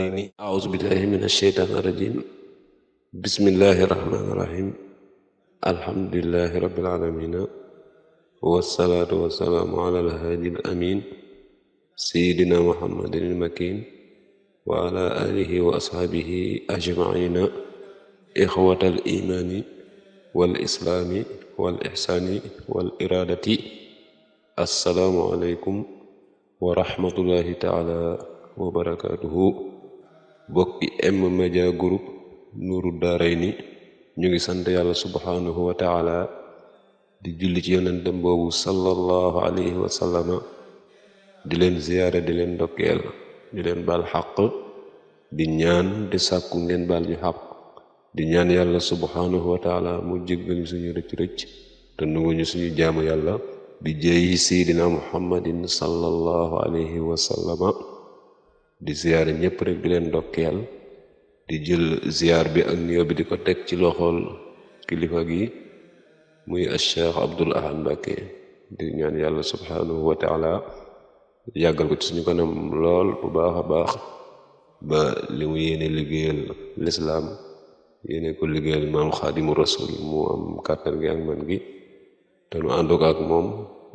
daarayni auzu billahi min asheytaan irajim bismillahi irahmaani irahim alhamdulilahi rabbil alamina wassalaatu wassalaamu ala alhaadi al amin sayidina muhammadin il makin wa ala alihi wa ashaabihi ajmaina ixwata al imaani wal islaami wal ixsaani wal iraadati assalaamu aleykum wa rahmatullahi taala wa barakaatuhu bokki M Media Group nuuru daarayni ñu ngi sant yàlla subhanahu wa taala di julli ci yonentam boobu sallallahu alayhi wa sallama di leen ziyaara di leen ndokkeel di leen baal xaq di ñaan di sàkku ngeen baal ñu xaq di ñaan yàlla subhanahu wa taala mu jéggal ñu suñu rëcc-rëcc te nangu ñu suñu jaamu yàlla di jëyi seydina muhammadin sallallahu alayhi wa sallama di ziyaare ñépp rek di leen ndokkeel di jël ziyaar bi ak nuyoo bi di ko teg ci loxool kilifa gi muy Cheikh Abdoul Ahad Mbacké di ñaan yàlla subhanahu wa yàggal ko ci suñu kanam lool bu baax a baax ba li mu yéene liggéeyal lislaam yéene ko liggéeyal maam xaadimu rasul mu am kàttan gi ak man gi te nu àndoog moom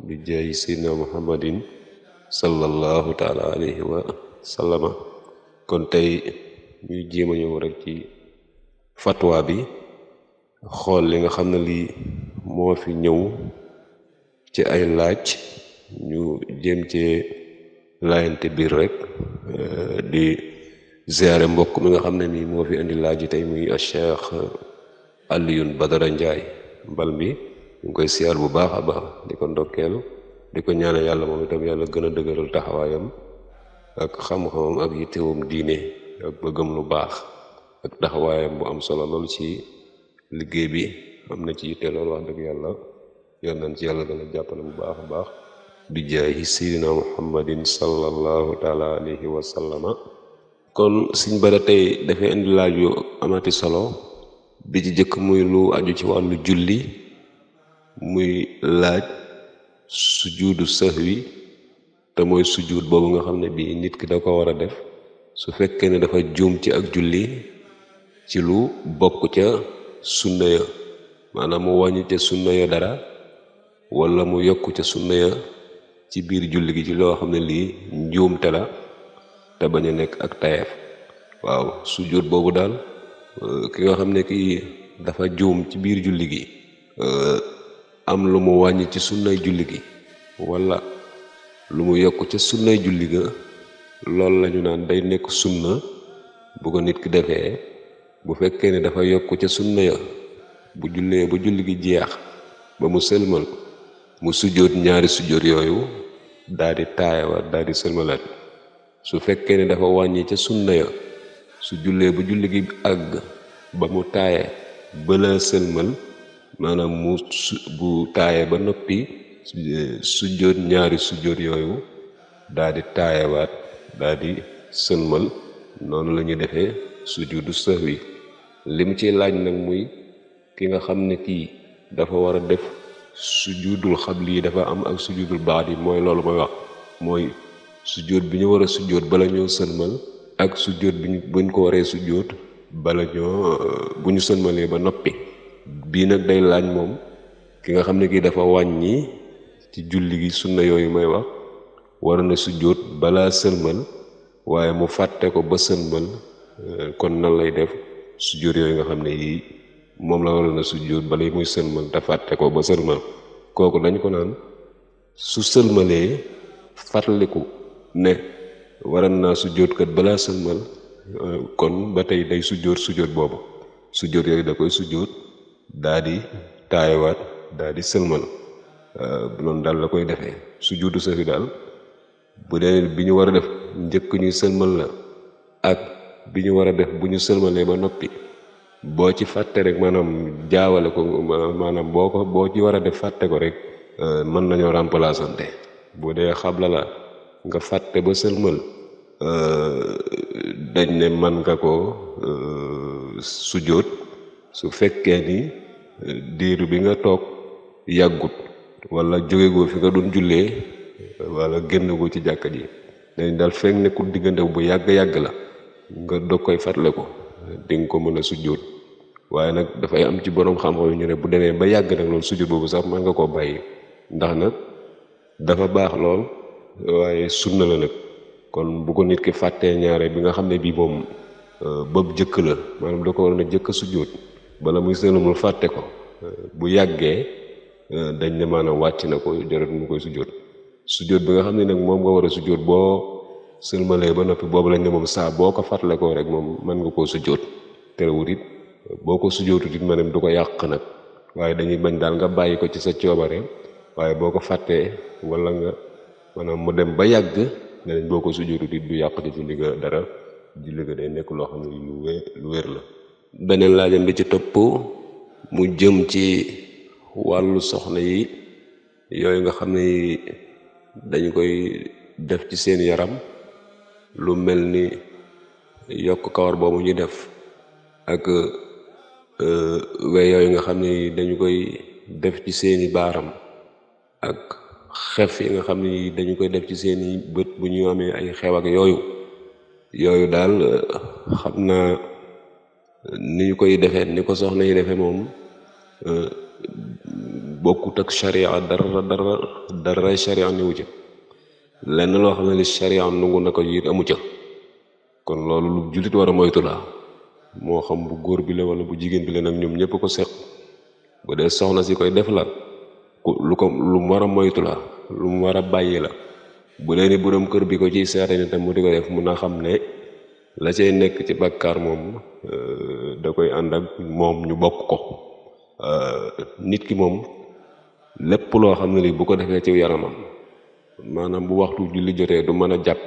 bi jaay sidna muhammadin sallallahu taala alayhi sallama kon tey ñuy jéem a ñëw rek ci fatwa bi xool li nga xam ne lii moo fi ñëw ci ay laaj ñu jéem cee laayante biir rek euh, di ziare mbokk mi nga xam ne nii moo fi indi laaj yi tey muy Cheikh Alioune Badara njaay mbal mi ñu ngi koy siyaar bu baax a baax di ko ndokkeel di ko ñaane yàlla moom itam yàlla gën a dëgëral taxawaayam ak xam-xamam ak yittewum diine ak bëggam lu baax ak taxawaayam bu am solo loolu ci liggéey bi am na ci yitte loolu wax dëgg yàlla yoon nañ ci yàlla dana jàppale bu baax a baax bi jaayi sayyidina muhammadin sallallahu taala alayhi wa sallama kon suñ bada tey dafay indi laaj yu amati solo bi ci jëkk muy lu aju ci wàllu julli muy laaj sujuudu sahwi te mooy sujjuut boobu nga xam ne bii nit ki da ko war a def su fekkee ne dafa juum ci ak julli ci lu bokk ca sunna ya maanaam mu wàññi ca sunna ya dara wala mu yokk ca sunna ya ci biir julli gi ci loo xam ne lii njuumte la te bañ nekk ak tayeef waaw sujjuut boobu daal euh, ki nga xam ne dafa juum ci biir julli gi euh, am lu mu wàññi ci sunnay julli gi wala lu mu yokk ca sunnay julli ga loolu lañu naan day nekk sunna bu ko nit ki defee bu fekkee ne dafa yokk ca sunna ya bu jullee ba julli gi jeex ba mu sëlmal mu sujjóot ñaari sujjóot yooyu daldi taayawaat daldi sëlmalaat su fekkee ne dafa wàññi ca sunna ya su jullee ba julli gi àgg ba mu taaye bala sëlmal maanaam mu bu taaye ba noppi Eh, sujjóot ñaari sujjóot yooyu daal di taayawaat daal di noonu la ñu defee sujudu sahwi li mu ci laaj nag muy ki nga xam ne kii dafa war a def sujudul xabli lii dafa am ak sujudul baad yi mooy loolu mooy wax mooy sujjóot bi ñu war a sujjóot bala ñoo sëlmal ak sujjóot bi ñu buñ ko waree sujjóot bala ñoo bu ñu sëlmalee ba noppi bii nag day laaj moom ki nga xam ne kii dafa wàññi ci julli gi sunna yooyu may wax waral na sujjóot balaa sëlmal waaye mu fàtte ko ba sëlmal euh, kon nan lay def sujjóot yooyu nga xam ne yii moom la waroon a sujjóot balay muy sëlmal te fàtte ko ba sëlmal kooku dañ ko naan su sëlmalee fàttaliku ne waran naa sujjóot kat balaa sëlmal euh, kon ba tey day sujjóot sujjóot boobu sujjóot yooyu da koy sujjóot daa di taayawaat daa di sëlmal noonu euh, daal la koy defee sujuudu sahwi daal bu dee bi ñu war a def njëkk ñuy sëlmal la ak bi ñu war a def bu ñu sëlmalee ba noppi boo ci fàtte rek maanaam jaawale ko boo ko boo ci war a def fàtte ko rek euh, mën nañoo remplaçante bu dee xabla la nga fàtte ba sëlmal euh, dañ ne mën nga ko sujjóot su fekkee ni diiru bi nga toog yàggut wala jóge goo fi nga doon jullee wala génn goo ci jàkka ji dañ daal fekk nekkul diggante bu yàgg yàgg la nga dog koy fàttale ko di ko mën a sujjóot waaye nag dafay am ci borom xam ñu ne bu demee ba yàgg nag loolu sujjóot boobu sax mën nga koo bàyyi ndax nag dafa baax lool waaye sunna la kon bu nit ki fàttee ñaare bi nga xam ne bii moom bëb jëkk la maanaam ko war a jëkk a sujjóot bala muy sëlmul fàtte ko bu yàggee Euh, dañ ne maanaam wàcc na ko jarul mu koy sujjóot sujjóot bi nga xam ne nag moom nga war a sujjóot boo sëlmalee ba noppi boobu lañ ne moom saa boo ko fàttale koo rek moom mën nga koo sujjóot terewut it boo ko sujjóotut it maanaam du ko yàq nag waaye dañuy bañ daal nga bàyyi ko ci sa coobare waaye boo ko fàttee wala nga maanaam mu dem ba yàgg nenañ boo ko sujjóotut it du yàq ci julli ga dara julli ga day nekk loo xam ne lu wér lu wér la beneen laajam bi ci topp mu jëm ci wàllu soxna yi yooyu nga xam ne dañ koy def ci seen yaram lu mel ni yokk kawar boobu ñu def ak euh, wey yooyu nga xam ni dañu koy def ci seeni baaram ak xef yi nga xam ne dañu koy def ci seeni bët bu ñu amee ay xew ak yooyu yooyu daal xam naa ni ñu koy defee ni ko soxna yi defee moom euh, bokkut ak sharia dara dara dara sharia niwu ca lenn loo xam ne li na ko yit amu ca kon loolu lu jullit moytu la moo xam góor bi la wala bu jigéen bi la nag ñoom ñëpp ko seq bu dee soxna si koy def la lu ko lu war a moytu la lu mu war a bàyyi la bu dee ni borom kër bi ko ciy seete ni tam mu di ko def mun a xam ne la cay nekk ci bakkaar moom euh, da koy ànd ak moom ñu bokk ko Euh, nit ki moom lépp loo xam ne li bu ko defee ci yaramam maanaam bu waxtu julli jotee du mën a jàpp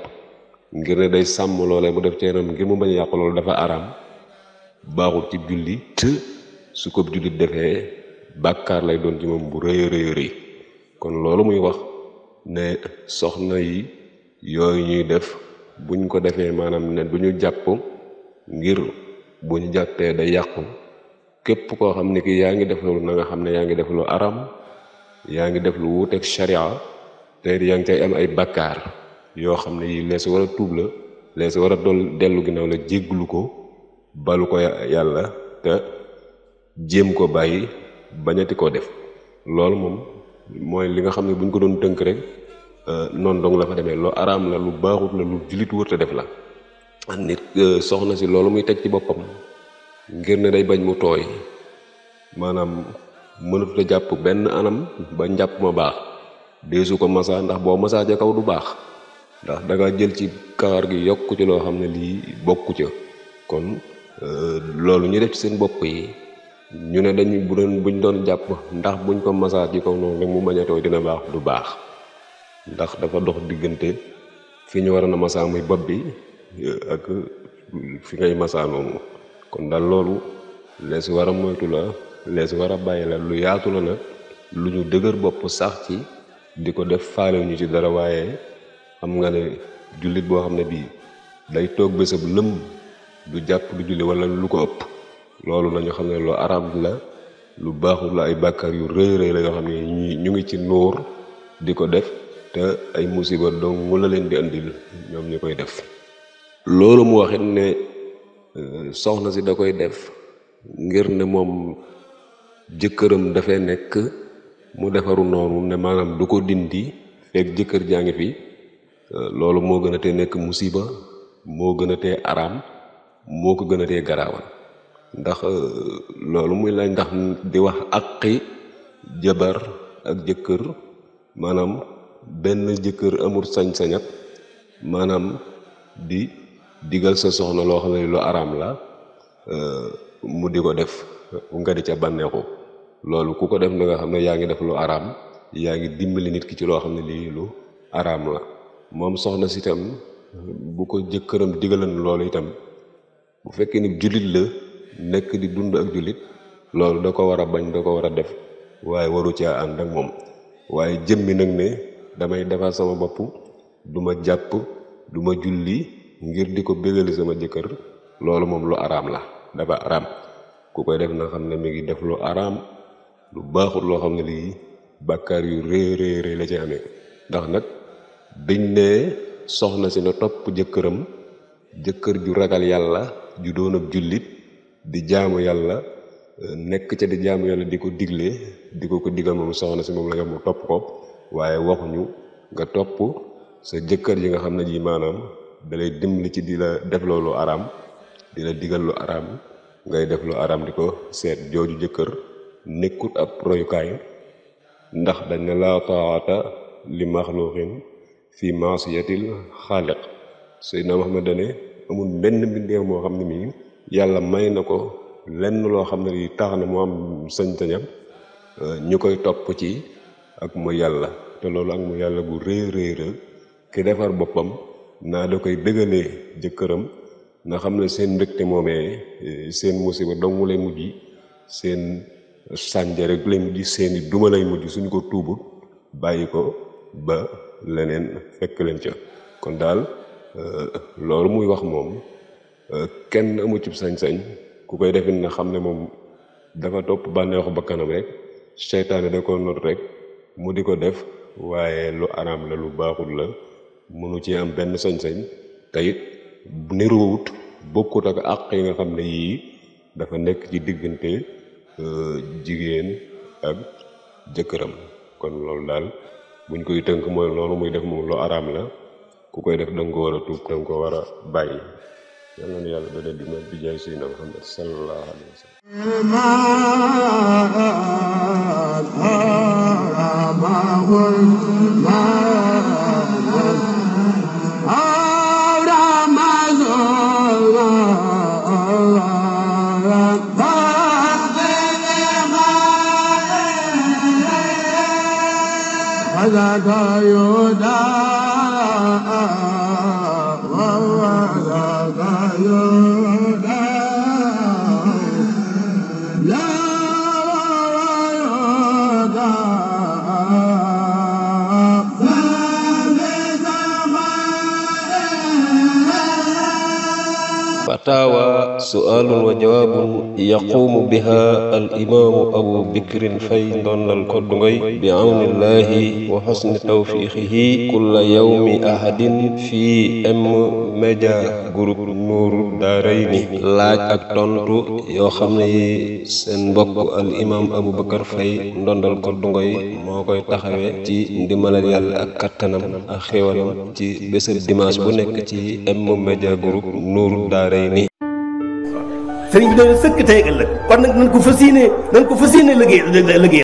ngir ne day sàmm loolee mu def ci yaram ngir mu bañ a yàq loolu dafa araam baaxul ci julli te su ko jullit defee bàkkaar lay doon ci moom bu rëy rëy rëy kon loolu muy wax ne soxna yi yooyu ñuy def buñ ko defee maanaam ne du ñu jàpp ngir bu ñu jàppee day yàqu képp koo xam ne kii yaa ngi def loolu na nga xam ne yaa ngi def lu aram yaa ngi def lu wuuteeg sharia te yaa ngi cay am ay bakkaar yoo xam ne yii lees war a tuub la lees war a dellu ginnaaw la jégglu ko balu ko yàlla jéem ko bàyyi bañati koo def loolu moom mooy li nga xam ne buñ ko doon tënk rek euh, noonu dong la fa demee lu araam la lu baaxut la lu jullit wërta def la euh, soxna si loolu muy teg ci boppam ngir ne day bañ mu tooy maanaam mënatut a jàpp benn anam ba njàpp ma baax deesu ko masaa ndax boo massa ca kaw du baax ndax da jël ci kawar gi yokk ci loo xam ne lii bokku ca kon euh, loolu ñu def ci bopp yi ñu ne dañu bu buñ doon jàpp ndax buñ ko massa ci kaw noonu rek mu a baax du baax ndax dafa dox diggante fi ñu war a na masaa muy bopp bi ak fi ngay masaa noonu kon daal loolu lees wara a moytu la lees war a bàyyi la lu yaatu la nag lu ñu dëgër bopp sax ci di ko def faale ñu ci dara waaye xam nga ne jullit boo xam ne bii day toog bésab lëm du jàpp du julli wala lu ko ëpp loolu nañu xam ne lu araam la lu baaxul la ay bàkkaar yu rëy rëy la yoo xam ne ñu ngi ci nóor di ko def te ay musiba dong la leen di andil ñoom ñu koy def loolu mu waxit ne Euh, soxna si da koy def ngir ne moom jëkkëram dafay nekk mu defaru noonu ne maanaam du ko dindi fekk jëkkër jaa ngi fi euh, loolu moo gën a tee nekk musiba moo gën a tee araam moo ko gën a tee garaawal ndax euh, loolu muy laaj ndax di wax aqi jabar ak jëkkër maanaam benn jëkkër amul sañ-sañat maanaam di digal sa soxna loo xam ne lu araam la euh, mu di ko def nga di ca bànneexu loolu ku ko def na nga xam ne yaa ngi def lu araam yaa ngi dimbali nit ki ci loo xam ne lii lu araam la moom soxna si tam bu ko jëkkëram digalan loolu itam bu fekkee ni jullit la nekk di dund ak jullit loolu da ko war a bañ da ko war a def waaye waru caa ànd ak moom waaye jëmmi nag ne damay defal sama bopp duma jàpp duma julli ngir di ko bégal sama jëkkër loolu moom lu araam la dafa araam ku koy def na xam ne mi ngi def lu araam lu baaxul loo xam ne lii bàkkaar yu rëy rëy la ci amee ndax nag biñ ne soxna si na topp jëkkëram jëkkër ju ragal yàlla ju doon ab jullit di jaamu yàlla nekk ca di jaamu yàlla di ko digle di ko ko digal moom soxna si moom la nga mu topp ko waaye waxuñu nga topp sa jëkkër ji nga xam ne ji maanaam da lay ci di la defloo lu araam di la digal lu araam ngay def lu araam di ko seet jooju jëkkër nekkul ab royukaay ndax dañ ne laa taata li maxluuqin fi maasiyatil xaaliq Seydina Muhammad dane amul benn mbindeef moo xam ne mii yàlla may na ko lenn loo xam ne lii tax na mu am sañ-sañam euh, ñu koy topp ci ak mu yàlla te loolu ak mu yàlla gu rëy rëy rëy ki defar boppam naa da koy bégalee jëkkëram na xam ne seen mbégte moomee seen musiba dong lay mujj seen sànja rek lay mujj seeni duma lay mujj suñu ko tuubut bàyyi ko ba leneen fekk leen ca kon daal euh, loolu muy wax moom euh, kenn amu cib sañ-sañ ku koy defin na xam ne moom dafa topp bànneexu bakkanam rek seytaane da ko not rek mu di ko def waaye lu araam la lu baaxul la mënu ci am benn sañ-sañ te it niroowut bokkut ak àq yi nga xam ne yii dafa nekk ci diggante euh, jigéen ak jëkkëram kon loolu daal buñ koy tënk mooy loolu muy def moom lu araam la ku koy def da nga ko war a tuub da ko war a bàyyi yal na yàlla doole di ma bi jaay suy na Muhammad sallallahu alayhi daa yoo suaalun wa jawaabun yaquumu biha al imaamu abu bikrin fay ndondal koddungoy bi awnillahi wa xosni tawfiixihi kulla yawmi ahadin fii M Media Group Nour Daarayni laaj ak tontu yoo xam ne seen mbokk al imaam abu bakar fay ndondal koddungoy moo koy taxawee ci ndimbalal yàlla ak kattanam ak xéwalam ci bésëb dimanche bu nekk ci M Media Group Nour Daarayni sëriñ bi de sëkk tey ak ëllëg kon nag nañ ko fas yéenee nañ ko fas yéenee liggéey liggéey